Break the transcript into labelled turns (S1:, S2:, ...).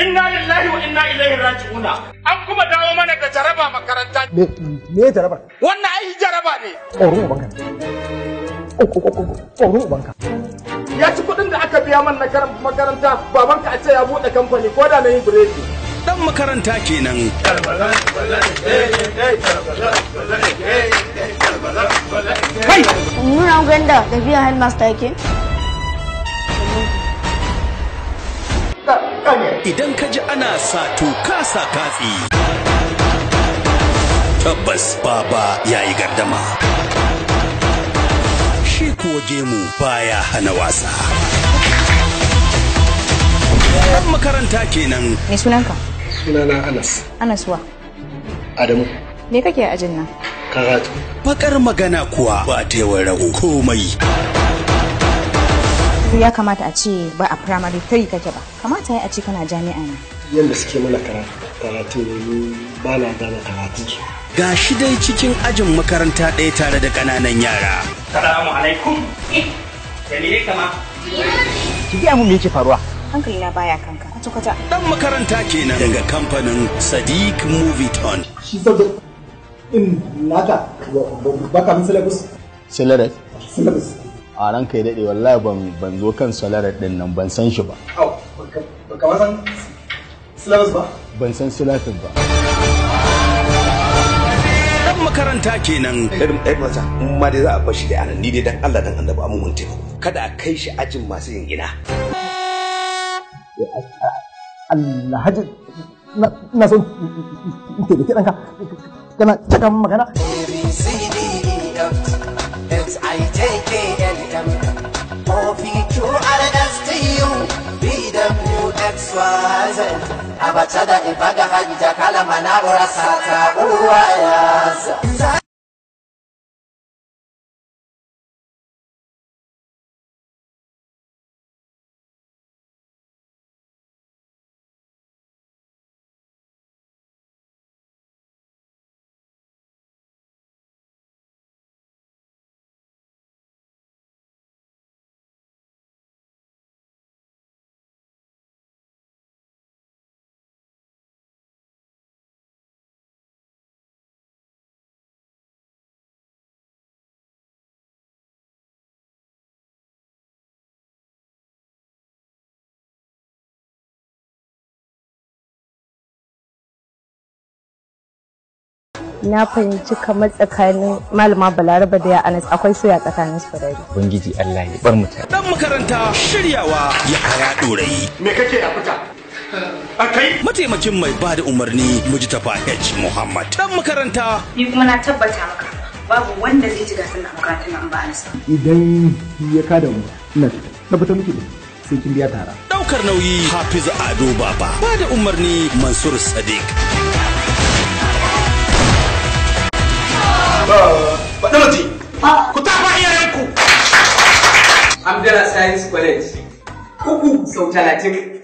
S1: inna lillahi wa inna ilaihi raji'una an kuma dawo mana da jaraba makaranta me me jaraba wannan ai jaraba ne tsoron ubanka tsoron ubanka ya ci kuɗin da aka biya man na makaranta babanka a ce ya buɗe kamfani ko da na yi bireki dan makaranta kenan kai muna ganda da biya headmaster yake Idan ka ji ana sa ka sa katsi. Tabbas baba ya yi gardama. Shi kuwa gemu baya hana wasa. Ɗan makaranta kenan. Me sunanka? Sunana Anas. Anas wa? Adamu. Me kake a ajin nan? Karatu. Bakar magana kuwa ba ta yawan rago komai. karatu ya kamata a ce ba a primary three kake ba kamata ya a ce kana jami'a ne yadda suke mana karatu ne ba na gane karatu ga shi dai cikin ajin makaranta ɗaya tare da ƙananan yara salamu alaikum da ne kama ki gaya mu me yake faruwa hankali na baya kanka a kwata dan makaranta kenan daga kamfanin sadiq movie ton shi in naka baka min syllabus syllabus syllabus a ranka ya daɗe wallahi ban ban zo kan salarar din nan ban san shi ba. Au, baka san ba? Ban san silabus ba. Dan makaranta kenan. Irin ɗan masa, in ma dai za a bar shi da anan ni dai dan Allah dan annabi amma mun taimako. Kada a kai shi ajin masu yin gina. Allah hajji na son taimaki ɗanka kana cika magana. A B I K abatada ibaga hajijakala manaro rasata uruwayaza na fahimci kamar tsakanin malama balaraba da ya anas akwai soya tsakanin su da Bangiji, allah ya bar mutane dan makaranta shiryawa ya haya dorayi me kake a fita akai mataimakin mai ba da umarni mujtafa h muhammad dan makaranta ni kuma na tabbata maka babu wanda zai ji gasar na makarantar nan ba anas idan ya kada mu na tabbata muke da sai kin biya tara daukar nauyi hafiz ado baba ba da umarni mansur sadiq Badamati, ah. ku tafa iyayenku. Abdullah Science College, uku sau talatin